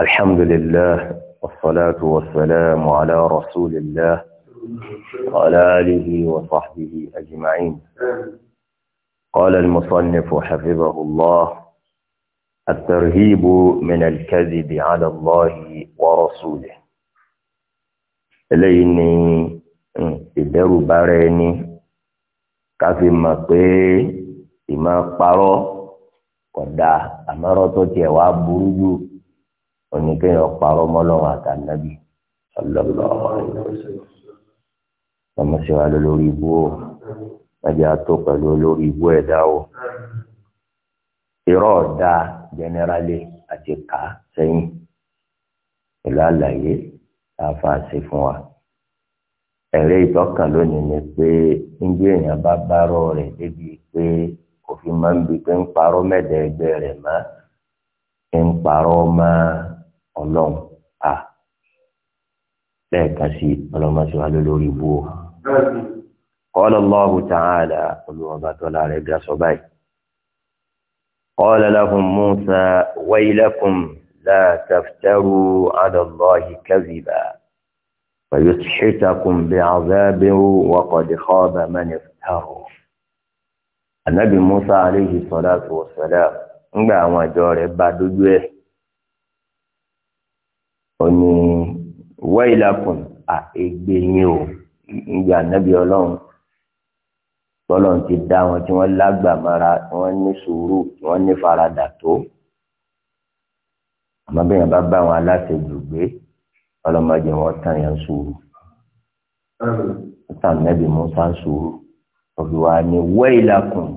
الحمد لله والصلاة والسلام على رسول الله وعلى آله وصحبه أجمعين قال المصنف حفظه الله الترهيب من الكذب على الله ورسوله إليني إدار باريني كافي ما إما قارو قد أمرت تيوا برجو oníkéèyàn parọ́ mọ́lọ́run àtànábì sallallahu alaihi wasallam ọmọ sí wa lórí ibú o májá tó pẹ̀lú olórí ibú ẹ̀dá o irọ́ ọ̀dà jẹnẹrálì àti ká sẹ́yìn pẹ̀lú àlàyé tá a fa ṣe fún wa ẹ̀rẹ́ ìtọ́kàn lónìí ni pé níbi èèyàn bá bárọ̀ rẹ̀ débi pé òfin máa ń bi pé ń parọ́ mẹ́ẹ̀ẹ́dẹ́gbẹ́ rẹ̀ mọ́ ń parọ́ máa ọlọ́run à lẹ́ẹ̀kan sí ọlọ́mọṣẹ́ wa lórí ibú o. qala Allahu ta'ala olùwàbà tọ́lá rẹ̀ ga sọ báyìí. qala lahum Musa waylakum la taftaru 'ala Allahi kadhiba fayusḥitakum bi'adhabin wa qad khaba man iftara. Ànábì Musa alayhi salatu wa salam ńgbà àwọn àjọ rẹ̀ bá dójú ẹ̀ oni ní wailakum à ègbé yín o ìyá ànábì ọlọ́run tọ́lọ́run ti dá wọn tí wọ́n lágbàmọ́ra wọ́n ní sùúrù wọ́n ní faradà tó àmọ́ bí yẹn bá bá wọn aláṣejù gbé ọlọ́mọdé wọn tàn yẹn sùúrù tàn nẹ́bí musa sùúrù òbí wa ní wailakum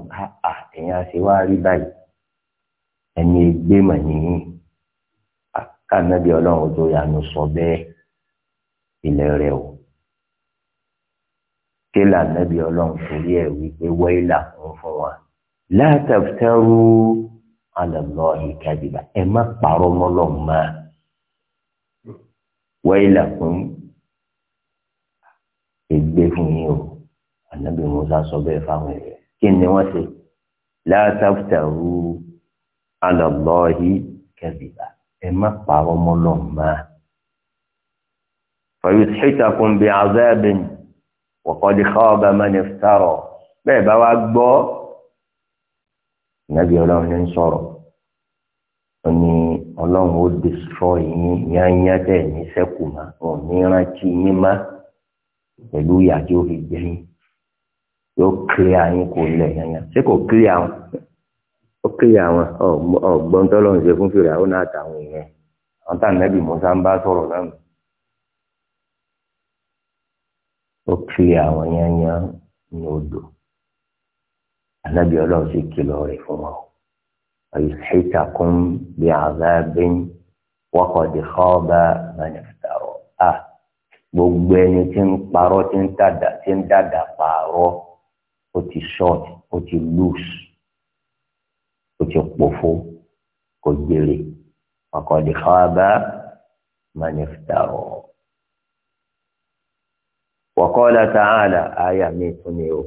àà èèyàn ṣe wá báyìí ẹni ègbé mọ̀ nìyí káànábì ọlọ́run tó yanu sọ bẹ́ẹ̀ ilẹ̀ rẹ̀ o kílà nábì ọlọ́run torí ẹ̀ wípé wáyìlà kún fún wa látàfẹ́rù alàlọ́ ìkàdìbà ẹ má parọ́ mọ́lọ́run máa wáyìlà kún ègbé fún yín o ànábì musa sọ bẹ́ẹ̀ fáwọn ẹ̀rẹ́ kí ni wọ́n ṣe látàfẹ́rù alàlọ́ ìkàdìbà ẹ má pààrọ̀ mọ́ lọ́hùn máa. fayusihitakum bi azabin wa qad khaba man iftara bẹ́ẹ̀ bá wá gbọ́ ìnábi ọlọ́run ní sọ̀rọ̀ ó ní ọlọ́run ó destroy yín yányá tẹ̀ ní sẹ́kù má ní rántí yín má pẹ̀lú ìyá tí ó fi jẹ yóò kílíà yín kò lẹ̀ yányá ṣé kò kílíà wọn ó kéye àwọn ọgbọ́n tọ́lọ́ ń ṣe fún fèrè àwọn àtàwọn èèyàn àwọn tá nàbì Mùsá ń bá sọ̀rọ̀ náà nù. ó kéye àwọn yányá ní odò ànábì ọlọ́run sì kìlọ̀ rẹ̀ fún wọn. ayùsíkàkún bí àzábẹ́yìn wọ́kọ̀dé xọ́ọ́bà mẹ́nìfẹ́tàrọ̀ a gbogbo ẹni tí ń parọ́ tí ń dàdà pààrọ̀ ó ti short ó ti loose ti pòfo kò jèrè ọkọ̀ di káwábá mánìfítàrọ̀. wọ́kọ́lá tààlà àyà mi tún ni o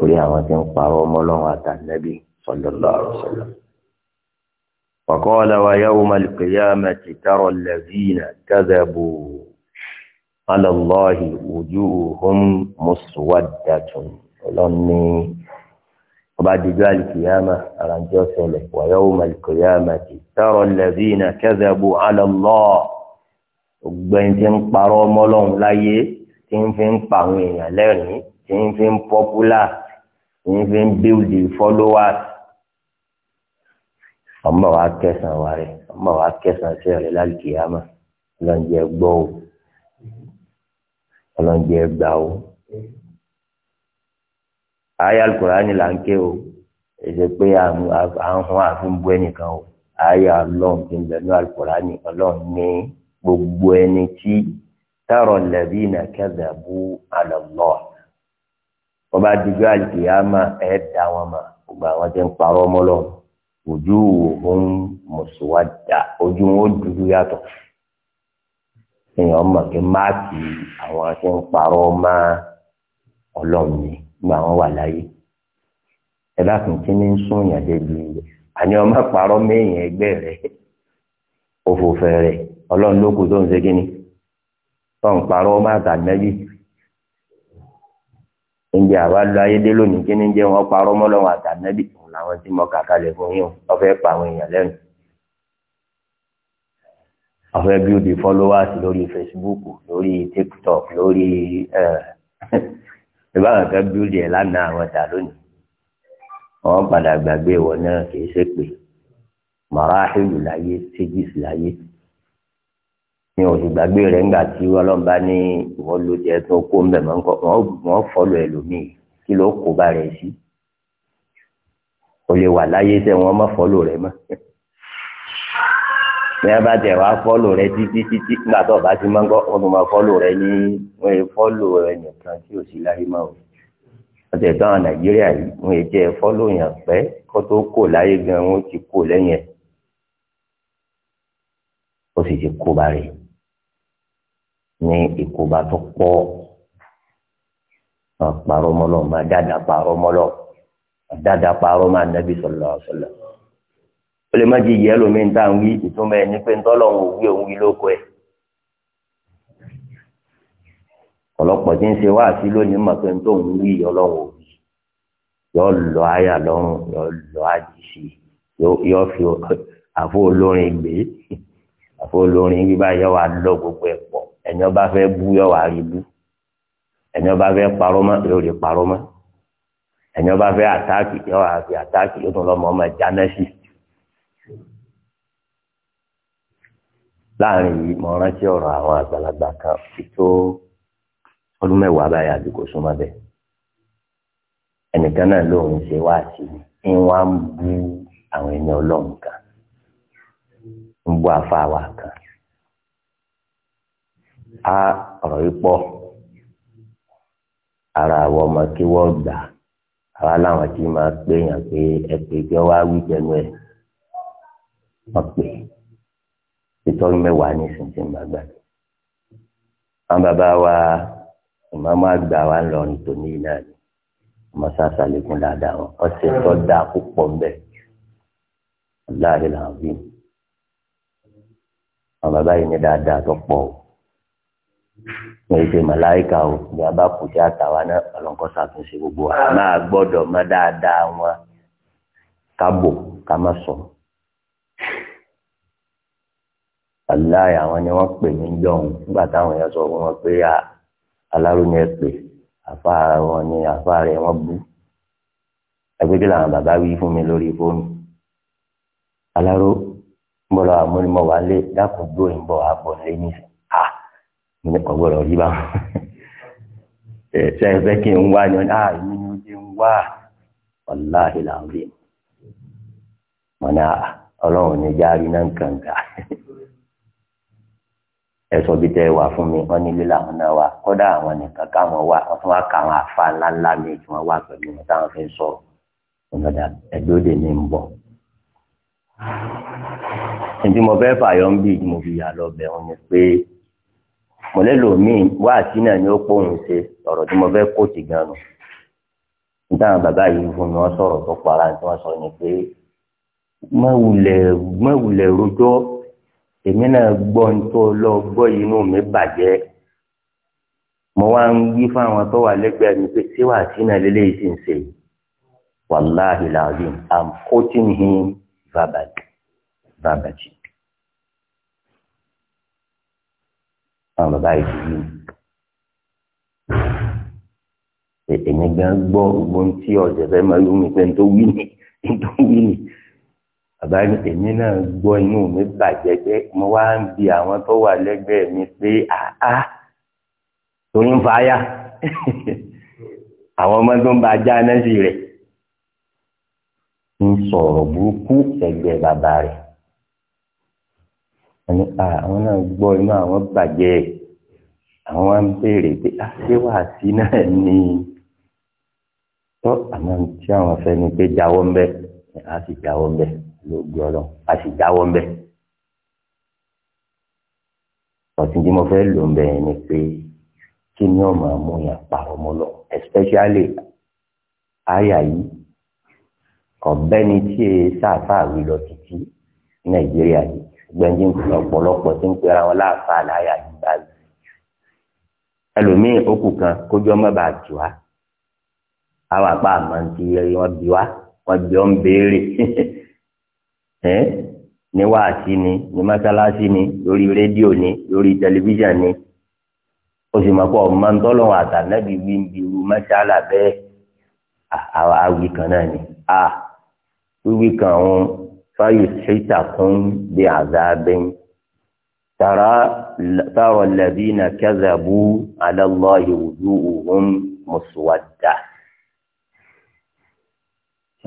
orí àwọn tí ń parọ́ ọmọ ọlọ́run àtàlẹ́bí sallallahu alaihi wasallam. وقال ويوم القيامة ترى الذين كذبوا على الله وجوههم مسودة ọlọ́ni ọba àdìjọ alìkìyàmà àràǹjọ sẹlẹ wàyọwò alìkìyàmà ti tọrọ lẹbìínà kẹsàbù alọlọ ọgbẹni tí ń parọ́ ọmọlọrun láyé tí ń fi ń pa àwọn èèyàn lẹ́rìn tí ń fi ń pọpúlà tí ń fi ń bíldì fọlọwàs ọmọ wa kẹsàn wa rẹ ọmọ wa kẹsàn sí rẹ lálìkìyàmà ọlọ́njẹ gbọ́ o ọlọ́njẹ gbà o ayé alukurani là ń ké o èdè pé à ń hun àfin bu ẹnìkan o ayé ọlọ́run ti ń bẹ ní alukurani ọlọ́run ní gbogbo ẹni tí tààrọ̀ lẹ́bí nà kẹ́dà bú àlọ́lọ́ wọ́n bá dijú àlùkìyàmà ẹ̀ dá wọn mà gbogbo àwọn tí ń parọ́ mọ́lọ́ ojú òun mùsùlùmá ojú wọn ó dúdú yàtọ̀ èèyàn mọ̀ kí máàkì àwọn tí ń parọ́ máa ọlọ́run ni gba àwọn wà láyé ẹ dákun kí ni ń sún yàn débi àní ọmọ pàrọ méèyàn ẹgbẹ́ rẹ̀ òfòfẹ rẹ̀ Ọlọ́run ló kù tó ń ṣe kí ni tó ń parọ ọmọ àtàlẹyìn ǹjẹ́ àwa lọ ayédè lónìí kí ni jẹ́ wọn parọ́ mọ́ lọ́wọ́ àtànẹ́bì fún làwọn tí mo kà kalẹ̀ fún yín wọ́n fẹ́ pa àwọn èèyàn lẹ́nu. wọ́n fẹ́ build followers lórí Facebook lórí TikTok lórí eh, ìbá àwọn kan bíúdì ẹ̀ lánàá àwọn tà lónìí wọn padà gbàgbé ìwọ náà kì í ṣe pé màráhìlù láyé ṣéjìsì láyé ní oṣù gbàgbé rẹ ńgbà tí ọlọ́mba ní ìwọ ló jẹ tó kó ń bẹ̀ wọ́n fọlọ́ ẹlòmíì kí ló kó bá rẹ̀ sí o lè wà láyé tẹ wọ́n má fọlọ́ rẹ mọ́ ní abá tẹ wá fọ́lò rẹ títí títí nígbà tó bá ti máa ń gbọ́ wọn tó máa fọ́lò rẹ ní wọn yẹ fọ́lò rẹ nìkan tí ò sí láyé máa wò wọn tẹ tán nàìjíríà yìí wọn yẹ jẹ fọ́lò yàn pẹ́ kó tó kò láyé gan wọn ti kò lẹ́yìn ẹ̀ ó sì ti kó ba rẹ̀ ní ìkóba tó pọ̀ àparọ́mọlọ́ máa dáadáa parọ́mọlọ́ dáadáa parọ́mọ ànábì sallallahu alaihi ó lè má di ìyẹ́ lómi ń tà ń wí ìtumọ̀ ẹ̀ ní pé ntọ́lọ́hún òwú òun yìí lóko ẹ̀. ọ̀lọ́pọ̀ tí ń ṣe wá sí lónìí mọ̀ pé ntọ́hún wí ọlọ́hún òwú yọ lọ àyà lọ́rùn yọ lọ àjèṣe yọ fi àfọ olórin gbé àfọ olórin yìí báyọ̀ wà lọ gbogbo ẹ̀ pọ̀ ẹ̀yàn bá fẹ́ bú yọ wà rí bú ẹ̀yàn bá fẹ́ parọ́ mọ́ yóò lè parọ́ mọ́ ẹ̀yàn bá fẹ́ àtáàkì yọ wà fi àtáàkì yóò tún lọ́ mọ́ ọmọ jánẹ́sì. láàrin yìí mo rántí ọrọ àwọn àgbàlagbà kan fi tó ọdún mẹ́wàá báyìí àdúgbò súnmọ́ bẹ́ẹ̀ ẹnìkan náà lóun ṣe wá sí i ń ń bú àwọn ẹni kan ń bú afáwa kan á ọ̀rọ̀ yìí ara àwọn ọmọ kí wọ́n gbà àwa láwọn tí máa pé yàn pé ẹ pé kí wá wí jẹnu ìtọ́jú mẹ́wàá ní ìsinsìnyí gbàgbà àwọn bàbá wa ìmọ̀mọ́ àgbà wa ń lọrin tòní náà ni ọmọ sáàsà lẹ́kùn dáadáa wọn ọ̀sẹ̀ tó dáa púpọ̀ ń bẹ̀ láàrin làwọn bí àwọn bàbá yìí ní dáadáa tó pọ̀ o ní ìṣe màláìka o bí a bá kù sí àtàwa náà ọlọ́nkọ́ ṣàtúnṣe gbogbo wa máa gbọ́dọ̀ mọ dáadáa wọn kábò ká má sọ̀rọ̀. aláì àwọn ni wọ́n pè ní jọ̀hún nígbà táwọn èèyàn sọ fún wọn pé aláròyìn ẹ pè àfa wọn ni àfa rẹ wọn bú ẹgbẹ́jọ́ làwọn bàbá wí fún mi lórí fóònù aláró gbọ́dọ̀ àmúnimọ̀ wà lé dákùn gbóyìn bọ̀ àbọ̀ lé ní à ní ọgbọ́dọ̀ rí bá wọn ṣe é fẹ́ kí n wá ni à èmi ni ó ti ń wá wàláhìlà ń rí mọ̀nà ọlọ́run ní járí náà kàǹkà. ẹsọ bíi tẹ wà fún mi wọn nílé làwọn náà wà kódà àwọn nìkan káwọn wà wọn tún wá ka àwọn afa ńláńlá mi tí wọn wà pẹ̀lú wọn táwọn fi ń sọ̀rọ̀ ọ̀nàdà ẹ̀dọ́dẹ ní ń bọ̀. ǹtí mo fẹ́ fàyọ̀ ń bì mo fi yà lọ bẹ̀ wọn ni pé mọ̀lẹ́lò mi wá àti náà ni ó pòun ṣe ọ̀rọ̀ tí mo fẹ́ kó ti gan nù. nítawọn bàbá yìí fún mi wọn sọ̀rọ̀ tó para tí wọ́n sọ ni pé mọ̀wùlẹ̀ mọ̀wùlẹ̀ rojọ́ èmi náà gbọ́ ní tó lọ gbọ́ yìí inú mi bàjẹ́ mo wá ń wí fáwọn tó wà lẹ́gbẹ̀ẹ́ mi pé ṣé wàá sí náà lélẹ́yìí sì ń ṣe wàláhì làwọn i'm quoting him verbally verbally. àwọn bàbá yìí èmi gan gbọ́ ogun tí ọ̀jẹ̀ fẹ́ máa lómi pé n tó wí ni n tó wí ni bàbá ní èmi náà gbọ́ inú mi bàjẹ́ pé mo wá ń bi àwọn tó wà lẹ́gbẹ̀ẹ́ mi pé àá torí ń fa yá àwọn ọmọ tó ń ba ajá náà sì rẹ̀ ń sọ̀rọ̀ burúkú ẹgbẹ́ bàbá rẹ̀ ẹni àwọn náà gbọ́ inú àwọn bàjẹ́ àwọn wá ń béèrè pé ṣé wàá sí náà ni tó àmọ́ tí àwọn fẹ́ ni pé jáwọ́ ń bẹ́ẹ̀ a sì jáwọ́ ń bẹ̀ lóògbé ọlọ́run a sì jáwọ́ ń bẹ̀. ọ̀tún tí mo fẹ́ lò ń bẹ̀ ni pé kí ni ọmọ àmú yẹn parọ́ mọ́ lọ especially àyà yìí ọ̀bẹ́ni tí e sáfàá wí lọ títí nàìjíríà yìí gbẹ̀ndín ọ̀pọ̀lọpọ̀ tí ń pera wọn láàfáà láyà yìí báyìí ẹlòmíín okùn kan kójú ọmọ bá tù wá àwọn àpá àmọ́ ti rí wọn bí wá ọjọ́ ń béèrè ẹ ní wáàsí ni ní mọ́sálásí ni lórí rédíò ni lórí tẹlifíṣàn ni ó sì mọ̀ pé ọmọ ń tọ́lọ̀ àtàlẹ́bí wí ń bi irú mọ́sálà bẹ́ẹ̀ àwọn awì kan náà ni a wíwí kan òun fáyọ̀ ṣèṣà kún bí àzá tara tara lẹ́bí na kẹ́zàbù alẹ́ lọ́ọ́ ìwúdú òun mùsùlùmí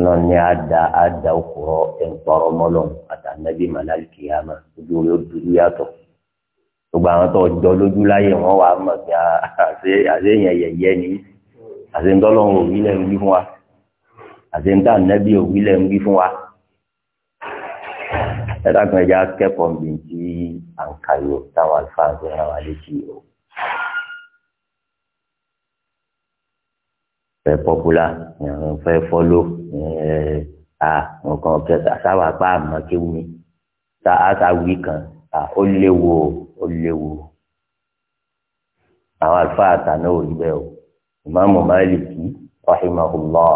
náà ní àdá àdá òkúrọ ẹnkpọrọ mọlọm àtànàbí màláìkì àmà ojú rẹ dúdú yàtọ̀ gbogbo àwọn tó jọ lójú láyé wọn wà á mọ pé àṣe ah, àṣe yẹn yẹyẹ ni àṣe ń tọ́lọ́ òwí lẹ́ ń wí fún wa àṣe ń tànàbí òwí lẹ́ ń fún wa ẹ̀dá kan ẹja kẹ́kọ̀ọ́ bìí tí à ń táwọn àlùfáà ń sọ̀rọ̀ àwọn àlejò yìí o. fẹ́ popular fẹ́ follow à eh, ah, nǹkan kẹta sáwà pa àmọ́ kéwù mi ta àtà wí kan à ó léwu o ó léwu o àwọn àlùfáà àtàná ò rí bẹ́ẹ̀ o ìmáàmù Málìkì rahimahullah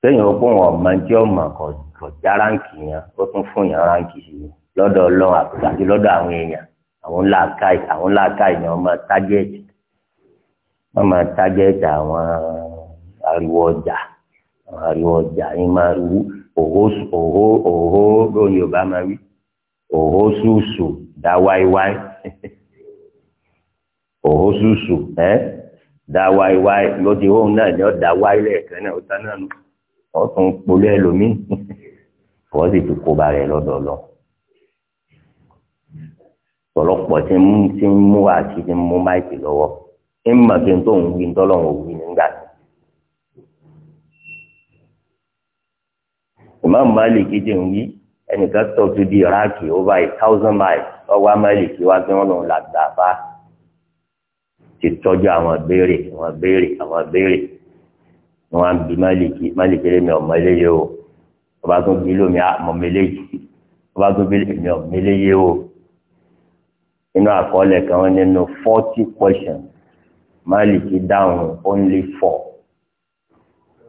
sẹ́yìn ó pọ̀n ọ̀mọ tí ó mọ̀ kọ̀ já ráǹkì yẹn ó tún fún yẹn ráǹkì sí lọ́dọ̀ ọlọ́run àti lọ́dọ̀ àwọn èèyàn àwọn ńlá káì àwọn ńlá káì ni wọ́n máa tágẹ́ẹ̀tì wọ́n máa tágẹ́tì àwọn ariwo ọjà àwọn ariwo ọjà yín máa rú òhó òhó òhó lórí Yorùbá máa wí òhó ṣùṣù dá wáíwáí òhó ṣùṣù ẹ́ dá wáíwáí lóde òun náà ni ó dá wáí lẹ́ẹ̀kan náà ó tán náà nù ó tún polú ẹlòmíì wọ́n sì tún kó ba rẹ̀ lọ́dọ̀ lọ. ọ̀pọ̀lọpọ̀ ti ń mú àti ti ń mú máìkì lọ́wọ́ ń mà pé tó ń wí ńtọ́lọ́hún ò wí nígbà tí. Imam Malik ti ń wí ẹnìkan tó ti di Iraki over a thousand miles ọwọ́ Malik wá pé wọ́n lòun làgbà bá ti tọ́jú àwọn béèrè àwọn béèrè àwọn béèrè wọn á bí Malik Malik lé mi ọmọ eléyìí o ọba tó bí lómi àmọ́ ah, mi léyìí ọba tó bí lómi ọmọ mi léyìí o inú àkọọ́lẹ̀ kan nínú forty questions. Málìkì dáhùn only four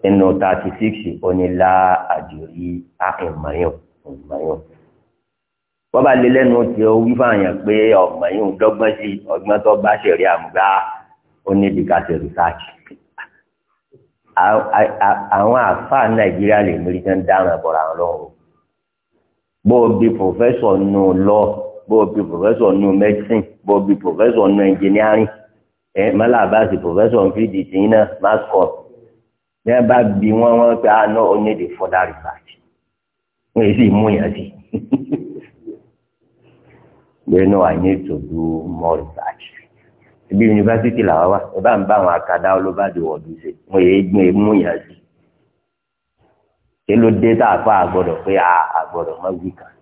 inú thirty six onílà àdìrí àìmọ̀yàn ìmọ̀yàn. wọ́n bá lé lẹ́nu tí ó wí fáyàn pé ọ̀mọ̀yàn dọ́gbọ́n sí ọgbọ́n tó bá ṣẹ̀rí àmúgbá oníbìkàṣẹ̀ research. àwọn àfáà Nàìjíríà lè mérí tán dáràn bọ̀rọ̀ àwọn lọ́wọ́ bó o bí professor nù lọ bó o bí professor nù medicine bó o bí professor nù engineering ẹ mọ́lá àbáṣe pòfẹ́sọ̀ ń fi dìtì ẹ bá bí wọn wọn pé àná ah, ó fọdà research wọn èsì mú yàn sí bẹ́ẹ̀ náà I need to do more research ibi yunifásitì làwọn wà ẹ bá ń bá àwọn akadá olóbàdì wọ̀ọ́dù ṣe wọn èé gbìn mú yàn sí èló dé tá a fa àgbọ̀dọ̀ pé àgbọ̀dọ̀ ah, má wí kan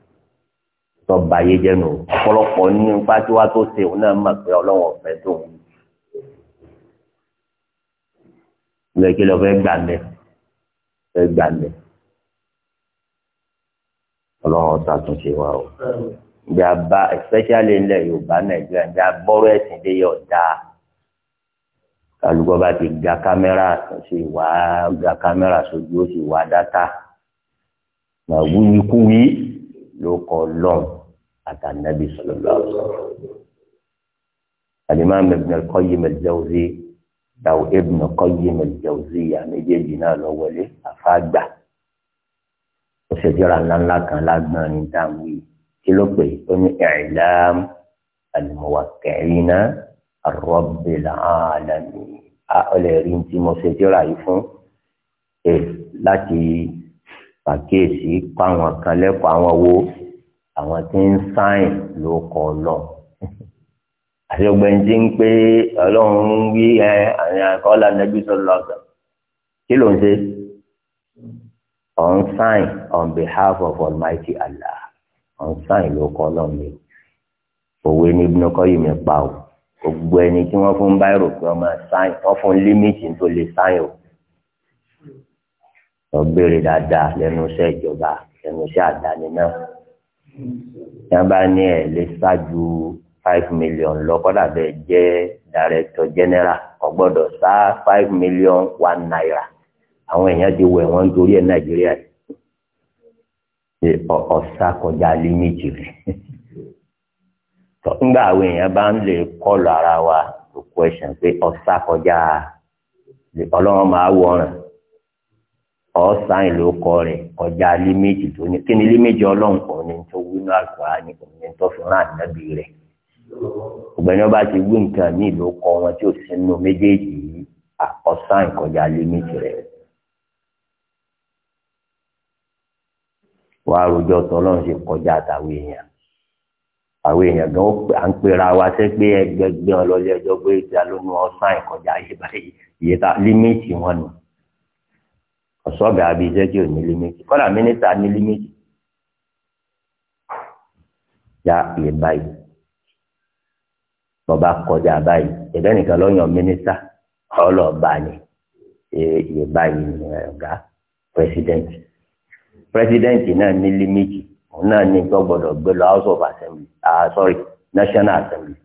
tọ́ba yé jẹ́nu ọ̀pọ̀lọpọ̀ nínú pátí tó ṣe òun náà mọ̀ pé ọlọ́wọ̀n ọ̀fẹ́ tó ń ìgbà kí lọ fẹ́ gbà mẹ́ fẹ́ gbà mẹ́ ọlọ́run ọ̀sán àtúnṣe wa o ìjà bá especially ilẹ̀ yorùbá nàìjíríà ìjà bọ́rọ̀ ẹ̀sìn dé yọ̀ dáa kálukọ́ bá ti ga kámẹ́rà sí wá ga kámẹ́rà sójú ó sì wá dátà mà wíwíkúwí ló kọ lọ́n àtànàbí sallallahu alaihi wasallam. Al-Imam Ibn al-Qayyim al dàwọ Ibn Qayyim al-Jawziyya méjèèjì náà lọ wọlé àfáàgbà ó ṣe jọra ńláńlá kan lágbọn ní dáwì kí ló pè ó ní i'lam al-muwaqqi'ina rabbil alamin ọlẹ́rìí tí mo ṣe yìí fún ẹ láti pàkíyèsí pa kan lẹ́kọ̀ọ́ àwọn wo àwọn tí ń sáìn ló kọ́ ọ lọ àti ọgbẹ ntí ń pé Ọlọ́run ń wí ẹ àkọọlà nàbí sọlọ ọsàn kí ló ń ṣe on sign on behalf of Almighty Allah on sign ló kọ Ọlọ́run mi òwe ní Ibn Qayyim mi pa o gbogbo ẹni tí wọ́n fún báyìí rò pé ọmọ sign wọ́n fún límìtì tó lè sign o ọgbẹrẹ dáadáa lẹ́nu iṣẹ́ ìjọba lẹ́nu iṣẹ́ àdáni náà tí wọ́n bá ní ẹ lè ṣáájú. five million lọ kọ́dà bẹ́ẹ̀ jẹ́ director general kò gbọ́dọ̀ sá five million one naira àwọn èèyàn ti wẹ̀ wọ́n ẹ̀ nàìjíríà ọ̀sá kọjá límìtì rẹ̀ nígbà àwọn èèyàn bá ń lè kọlù ara wa to question pé ọ̀sá kọjá ọlọ́run máa wọ̀ràn ọ̀sá kọjá tó ní kí ni ọlọ́run tó wí náà kọ́ obìnrin ọba ti wí nǹkan ní ìlú kọ wọn tí ò sí nínú méjèèjì yìí ọ̀sán ìkọjá límìtì rẹ̀. wà á rojọ́ tọ́lọ́run ṣe kọjá àtàwọn èèyàn àwọn èèyàn gan à ń pera wa ṣe pé ẹgbẹgbẹ ọlọlẹ ẹjọ pé ìjà ló nu ọsán ìkọjá yìí báyìí iye ta límìtì wọn nù ọsọgà àbí iṣẹ́ tí ò ní límìtì kódà mínísítà ní límìtì já iye bọ́ba kọjá báyìí ẹ̀bẹ́ nìkan lọ́yàn mínísítà ọlọ́ọ̀bá ni iye báyìí ni ọ̀gá president, president náà ní límìtì òun náà ní tó gbọ́dọ̀ gbé lọ house of assembly ah sorry national assembly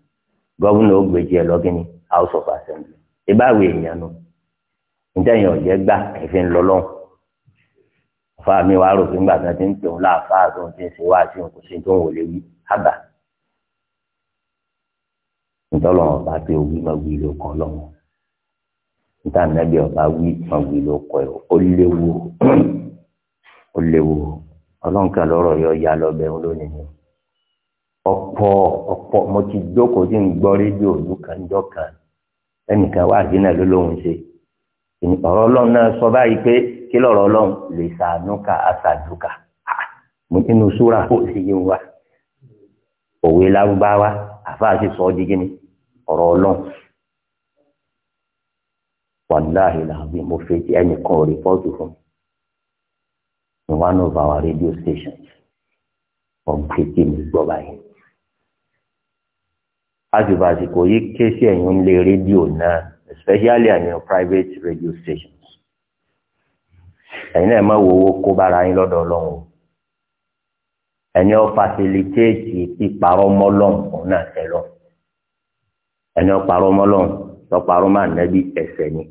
gọ́vùnà ó gbèjì ẹ̀ lọ́gìnì house of assembly ìbáwí èèyàn nu ìtẹ̀yìn ọ̀jẹ̀ gbà ẹ̀fín lọ́lọ́run fáàmì wàá rò fún gbàgbọ́n tí ń tòun láàfáà tó ń ti ń ṣe wá sí òkú sí tó ń wọlé wí ábà ntọ́lọ́wọ́n bá pé owí máa wí ló kàn lọ́wọ́ níta nàbí ọba wí máa wí ló kọ ẹ̀ ó léwu ó léwu ọlọ́nkà lọ́rọ̀ yọ ya lọ́bẹ̀ lónìí ni ọ̀pọ̀ ọ̀pọ̀ mo ti jókòó tí ń gbọ́ rédíò lùkànjọ́ kan ẹnìkan wá àdínà ló lóun ṣe ọ̀rọ̀ ọlọ́run náà sọ báyìí pé kí lọ́rọ̀ ọlọ́run lè sàánúkà àṣàdúkà mo nínú súra ó sì yé wa òwe lárúbáwá àfáà sì sọ ọ́ di gíní ọ̀rọ̀ ọlọ́run wàláhì làwọn mo fẹ́ ti ẹnìkan rìpọ́ọ̀tù fún mi one of our radio stations ọ̀gbẹ́tì mi gbọ́ báyìí. àjùbà àsìkò yìí ké sí ẹ̀yìn ń lé rédíò náà especially àyàn private radio stations. ẹ̀yin náà máa wo owó kó bára yín lọ́dọ̀ ọlọ́run o. ẹ̀yin ọ̀ facilitate píparọ́ mọ́ lọ́nkùn náà tẹ́lọ̀ ẹni ọparọ mọlọrun tọparọ máa nẹbi ẹsẹ ni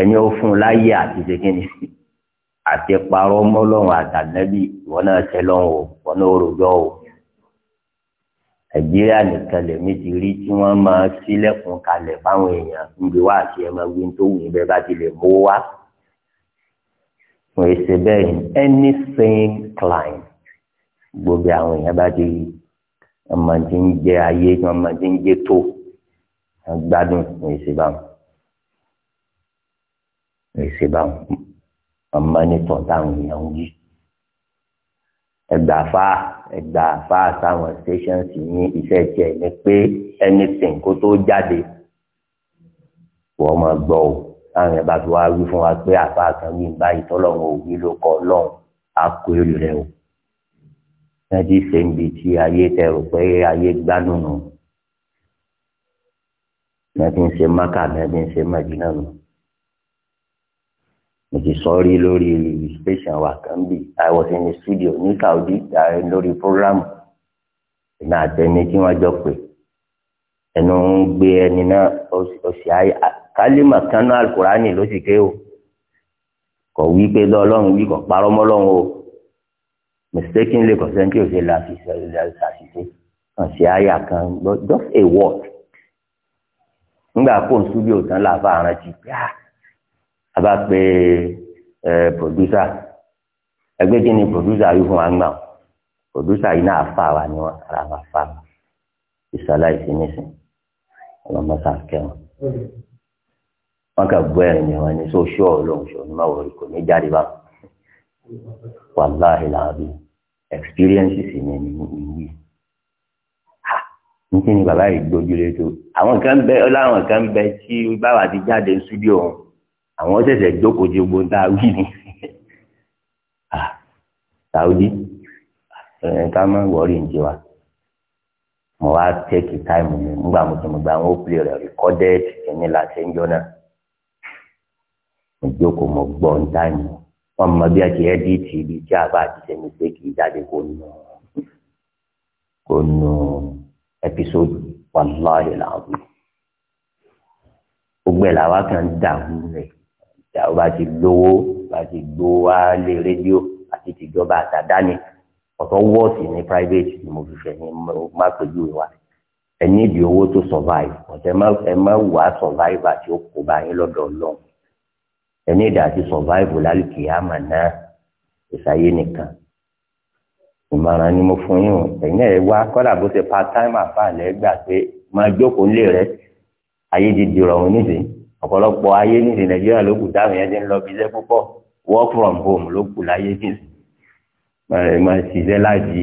ẹni ó fún láyé àti ṣèkínni àti parọ mọlọrun àtànẹbi wọn náà ṣe lọrun o wọn náà rojọ o nàìjíríà nìkan lèmi ti rí tí wọn máa ṣílẹ̀kùn kalẹ̀ fáwọn èèyàn níbi wá àti ẹmọ wí tó wù ní bẹ́ẹ̀ bá ti lè mówó wá wọn èsè bẹ́ẹ̀ ni any sane gbogbo àwọn èèyàn bá ti ọmọdé ń jẹ ayé ọmọdé ń jẹ tó wọn gbádùn wọn èsì báwọn wọn èsì báwọn ọmọ nítọ̀ táwọn èèyàn ń yí ẹgbàá fa ẹgbàá fa sáwọn stations ní iṣẹ́ tiẹ̀ ni pé anything kó tó jáde wọ́n máa gbọ́ o táwọn ẹ̀bá fi wá wí fún wa pé àfa kan yìí ń báyìí tọ́lọ́run ò wí ló kọ́ ọlọ́run á kó èrè rẹ o. ẹ ti ṣe ń bi tí ayé tẹ rò pé ayé gbánú nù nàbí ń ṣe maka nàbí ń ṣe madina nù mo ti sọ rí lórí station wa kan bí i was in the studio ní Saudi lórí program èmi àtẹni tí wọ́n jọ pé ẹnu ń gbé ẹni náà ọsẹ ayé kálímà kanú alukurani ló sì ké o kò wí pé lọ́lọ́run wí kò parọ́ mọ́ lọ́run o mistakenly kò sẹ́ńtì òṣèlú àṣìṣe àṣìṣe ọsẹ ayé kan just a word ńgbà kó ń súbíò tán làbá àrántí yá ah, a bá pe ẹ pòdúsà ẹgbẹ́ kí ni pòdúsà yìí fún wa gbà pòdúsà yìí náà fà wá ni wọn ara wa fà wá ìsàlá ìsinísìn ọlọmọsà kẹwọn wọn kà gbọ́ ẹ̀rín ni wọn ní sọ ṣọ Ọlọ́run ṣọ ní máa wọrí kò ní jáde bá wàláhìláàbí experiences ni ní níkí ni bàbá yìí gbójúlé tó àwọn kan bẹ ọláwọn kan bẹ tí báwa ti jáde súdíò wọn àwọn ṣẹ̀ṣẹ̀ jókòó ti gbóhùn tá a wí ni Saudi ká má wọrí ní tiwa mo wá tẹ́kì táìmù mi nígbà mo ti mo gba àwọn òpìlẹ̀ rẹ̀ rìkọ́dẹ́ẹ̀tì ẹni láti ẹjọ́ náà mo jókòó mo gbọ́ ní táìmù wọn mọ bí a ti ẹ́díìtì ibi tí a bá ti ṣe mi pé kì í jáde kó nù kó nù episode wàláhì làwọn gbogbo ẹ̀ làwọn kan dàrú rẹ̀ dàrú bá ti lówó bá ti gbowó wá lé rédíò àti tìjọba àtàdáni ọ̀tọ̀ wọ́ọ̀sì ní private ni mo fi fẹ́ ní má pẹ̀lú ìwà ẹni ìdí owó tó survive ọ̀tẹ̀ ẹ má wà survive àti okò báyìí lọ́dọ̀ ọlọ́run ẹni ìdí àti survive lálùkìyàmà náà ìsàyé nìkan ìmọ̀ràn ni mo fún yín o ẹ̀yin ẹ̀ wá kọ́dà bó ṣe part time àfàlẹ́ gbà pé máa jókòó nílé rẹ ayé ti dìrọ̀ òun nísìn ọ̀pọ̀lọpọ̀ ayé nísìn nàìjíríà ló kù dáhùn yẹn ti ń lọ bí iṣẹ́ púpọ̀ work from home ló kù láyé nísìn máa ṣiṣẹ́ láti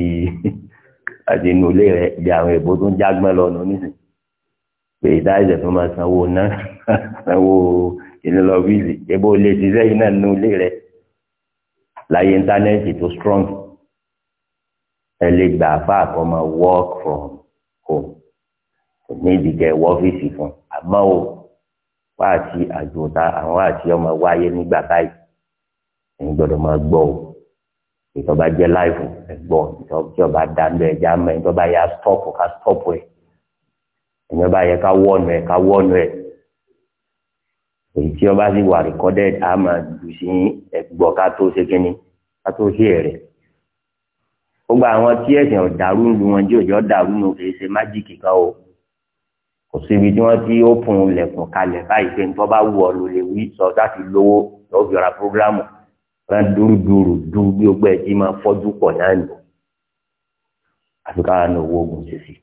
láti inú ilé rẹ bí àwọn èèbó tó ń jágbọ́n lọ nù nísìn pé ìdájọ́ tó máa sanwó náà sanwó ìlọlọ́bí ìbò lè ṣiṣẹ́ yìí náà nínú ilé rẹ láyé íńtánẹ́ẹ̀tì tó strong ẹ lè gbà àfa àkọ́mọ work from home kò ní ìdíkẹ́ wọ́fíìsì fún àmọ́ o wá àti àjòta àwọn àti ọmọ wáyé nígbà báyìí ẹ̀yin gbọ́dọ̀ máa gbọ́ o ìtọ́ba jẹ́ láìfù ẹ̀gbọ́n ìtọ́ba dáńdọ̀ ẹ̀já mọ́ ẹ̀yin tọ́ba yà stọ́ọ̀pù ká stọ́ọ̀pù ẹ̀ ẹ̀yin ọba yẹ ká wọ́ọ̀nù ẹ̀ ká wọ́ọ̀nù ẹ̀ èyí tí ọba sì wà rìkọ́dẹ̀ á máa dùn sí ẹ̀gbọ́n ká tó ṣe kínní ká tó ṣe ẹ̀rẹ̀ gbogbo àwọn tí ẹ̀sìn ọ̀dàrú lu wọn jẹ́ òjò ọ̀dàrú ní òkè ṣe májíìkì kan o kò síbi tí wọ́n ti ópin ilẹ̀kùn kalẹ̀ báyìí pé nítorí bá wù ọ́ ló lè wí sọ láti lówó lọ́ọ́ fi ra programu rán dúrúdúrú dú bí ó gbẹ́ ẹ̀ tí máa fọ́jú pọ̀ náà nù àfikà ní owó ogun ṣe sí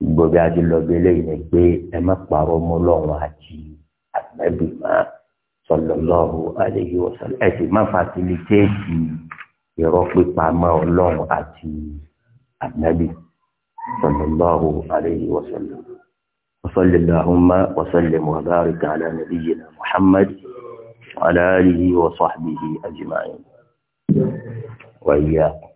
gbogbo bí a ti lọ bí eléyìí ni pé ẹ má pààrọ̀ mọ́ lọ́rùn àti àgbẹ̀bí máa sallallahu alaihi wasallam ẹ sì má fàtìlítéètì irọ́ pípa mọ́ ọlọ́run àti ànábì sallallahu alayhi wa sallam وصل اللهم وسلم وبارك على نبينا محمد وعلى آله وصحبه أجمعين وإياكم